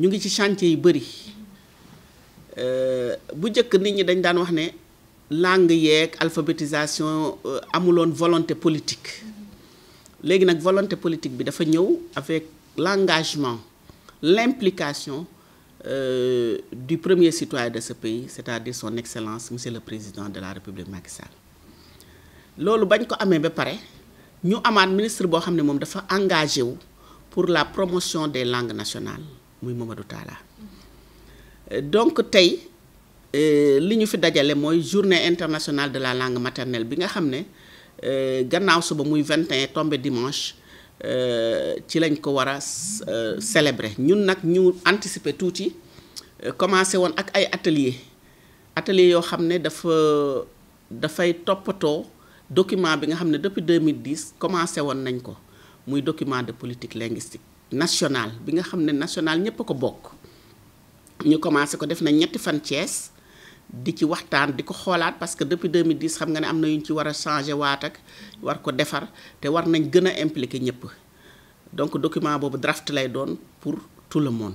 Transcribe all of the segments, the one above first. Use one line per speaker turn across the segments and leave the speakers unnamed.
Nous avons ci chantier yu euh, bu jëk nit ñi dañ daan wax né langue yeeg alphabétisation euh, amulone volonté politique légui nak volonté politique bi dafa ñëw avec l'engagement l'implication euh, du premier citoyen de ce pays c'est-à-dire son excellence monsieur le président de la république Macky Sall que nous ko amé ba paré ñu ministre bo xamné mom dafa engagé pour la promotion des langues nationales muy Momadou Talla donc tay euh, li ñu fi dajalé journée internationale de la langue maternelle bi nga xamné euh gannaaw suba 21 tombé dimanche euh, ci lañ ko wara euh, célébrer ñun nak ñu anticiper touti commencé à ak ay atelier atelier yo xamné dafa da fay toppatoo document bi nga xamné depuis 2010 commencé à nañ ko muy document de politique linguistique national bi nga xam national ñepp ko bok ñu commencé ko def na ñetti fan Thiès di ci waxtaan di ko xolaat parce que depuis 2010 xam nga ne amna yuñ ci wara changer waat ak war ko defar te war nañ gëna impliquer ñepp donc document bobu draft lay doon pour tout le monde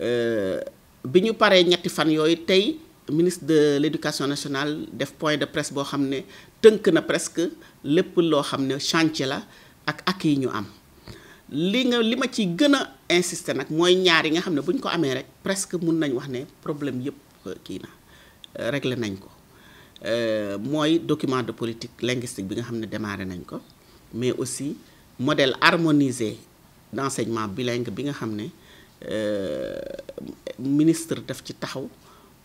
euh biñu paré ñetti fan yoy tay ministre de l'éducation nationale def point de presse hamne, tengke teunk na presque lepp lo xam chantier la ak ak ñu am li nga li ma ci gën a insister nag mooy ñaar yi nga xam ne bu ñu ko amee rek presque mun nañ wax ne problème yëpp euh, kii na euh, réglé nañ ko euh, mooy document de politique linguistique bi nga xam ne démarré nañ ko mais aussi modèle harmonisé d' enseignement bilingue bi nga xam ne ministre daf ci taxaw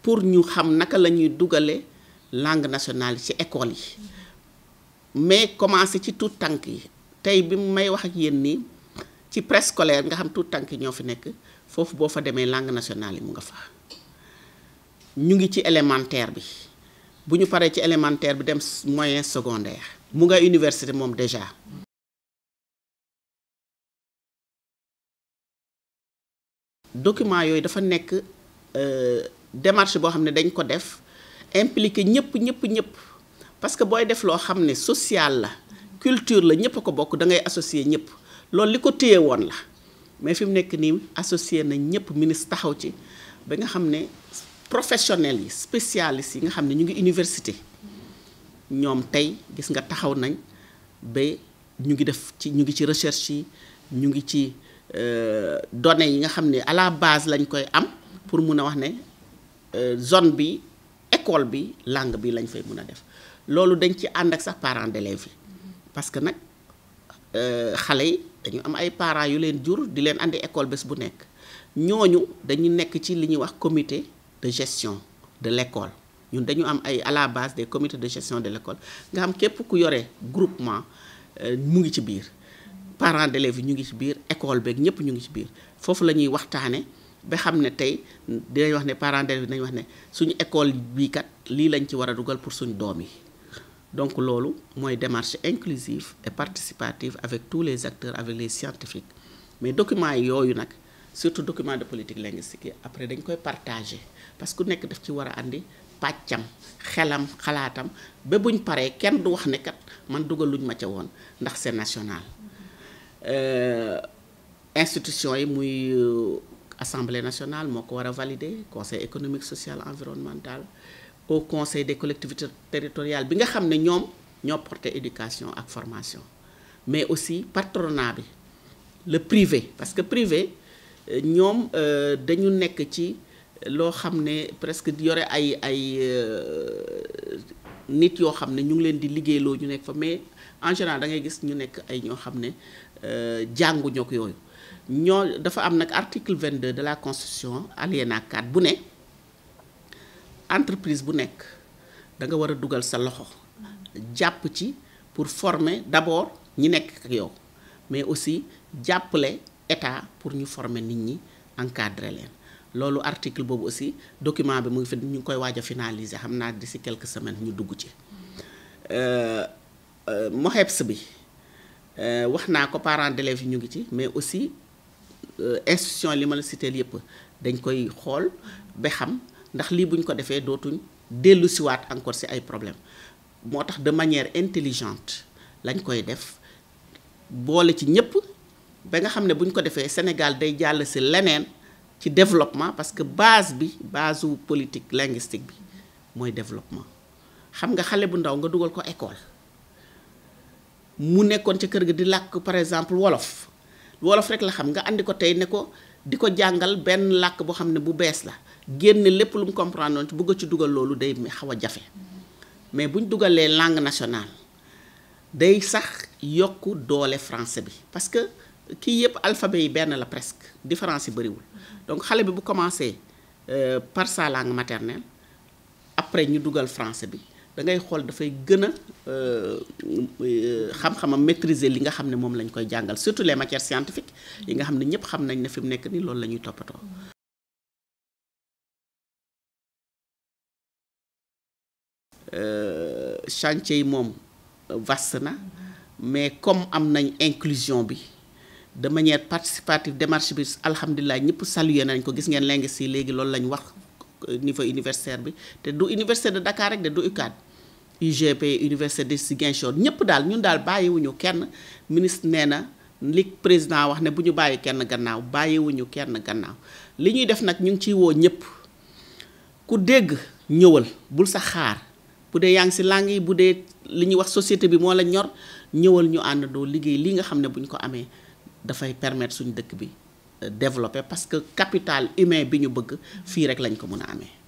pour ñu xam naka la ñuy dugale langue nationale ci école yi mm-hmm. mais commencé ci tout tànk yi tey bi may wax ak yéen nii ci préscolaire bi nga xam tuut tànk ñoo fi nekk foofu boo fa demee langue nationale yi mu nga fa ñu ngi ci élémentaire bi bu ñu paree ci élémentaire bi dem moyen secondaire mu nga université moom déjà document yooyu dafa nekk euh, démarche boo xam ne dañ ko def impliqué ñëpp ñëpp ñëpp parce que booy def loo xam ne sociale la culture la ñëpp a ko bokk da ngay associer ñëpp loolu li ko téye woon la mais fi mu nekk nii associé nañ ñëpp ministre taxaw ci ba nga xam ne professionnels yi spécialistes yi nga xam ne ñu ngi université ñoom tey gis nga taxaw nañ ba ñu ngi def ci ñu ngi ci recherche yi ñu ngi ci euh, données yi nga xam ne à la base lañ koy am pour mun a wax ne euh, zone bi école bi langue bi lañ fay mun a def loolu dañ ci ànd ak sax parents d'élèves yi parce que nag euh, xale yi. dañu am ay parents yu leen jur di leen andi école bés bu nekk ñooñu dañu nekk ci li ñuy wax comité de gestion de l'école ñun dañu am ay à la base des comités de gestion de l'école nga am képp ku yore groupement euh, mu ngi ci biir parents d'élèves yi ñu ngi ci biir école beeg ñëpp ñu ngi ci biir foofu la ñuy waxtaane ba xam ne tey dinañ wax ne parents yi dinañ wax ne suñu école bii kat lii lañ ci war a dugal pour suñu doom yi donc c'est une démarche inclusive et participative avec tous les acteurs avec les scientifiques mais les documents, surtout surtout de politique linguistique après ils koy partager parce que nek ne national euh, institution yi euh, assemblée nationale je valider conseil économique social environnemental au conseil des collectivités territoriales bi nga nous ne ñoo porté éducation ak formation mais aussi patronat le privé parce que privé nous euh, avons nekk ci qui xamné presque yoré ay ay euh, nit yo xamné ñu ngi leen di ñu nekk fa mais en général da ngay gis ñu nekk ay ñoo xamné euh jànguñu ko yooyu ñoo dafa am nak article 22 de la constitution alinéa 4 bu ne entreprise bu nekk da nga war a dugal sa loxo jàpp ci pour former d'abord ñi nekk ak yow mais aussi jàppale état pour ñu former nit ñi encadrer leen loolu article boobu aussi document bi mu ngi fi ñu ngi koy waaj a xam naa d'ici quelques semaines ñu dugg ci euh, euh, MOHEPS bi euh, wax naa ko parents d'élèves yi ñu ngi ci mais aussi institution li ma la cité yëpp dañ koy xool ba xam ndax lii buñ ko defee dootuñ dellu siwaat encore si ay problèmes moo tax de manière intelligente lañ koy def boole ci ñëpp ba nga xam ne buñ ko defee Sénégal day jàll si leneen ci développement parce que base bi base politique linguistique bi mooy développement xam nga xale bu ndaw nga dugal ko école mu nekkoon ci kër ga di làkk par exemple wolof wolof rek la xam nga andi ko tey ne ko di ko jàngal benn làkk boo xam ne bu bees la génne lépp lu mu comprendre noonu ci bëgg ci dugal loolu day xaw a jafe mais bu buñ dugalee langue national day sax yokku doole français bi parce que kii yëpp alphabet yi benn la presque différence yi bëriwul donc xale bi bu commencé euh, par sa langue maternelle après ñu dugal français bi dangay xool dafay gën a euh, euh, xam-xamam maîtriser li nga xam ne moom lañ koy jàngal surtout les matières scientifiques yi nga xam ne ñëpp xam nañ ne fi mu nekk ni loolu la ñuy toppatoo chantier yi moom euh, vaste na mais comme am nañ inclusion bi de manière participative démarche bi alhamdulilah ñëpp saluer nañ ko gis ngeen léegi si léegi loolu lañ wax euh, niveau universitaire bi te du université de Dakar rek du UCAD UGP université de Ziguinchor ñëpp daal ñun daal bàyyiwuñu kenn ministre nee na li président wax ne bu ñu bàyyi kenn gannaaw bàyyiwuñu kenn gannaaw li ñuy def nag ñu ngi ciy woo ñëpp ku dégg ñëwal bul sa xaar budé yang ci bude si langue yi bu dee wax société bi mo la ñor ñëwal ñu àndandoo liggéey li nga xamné buñ ko amé ko fay permettre suñu dëkk bi euh, développer parce que capital humain bi ñu bëgg fi rek lañ ko mëna amé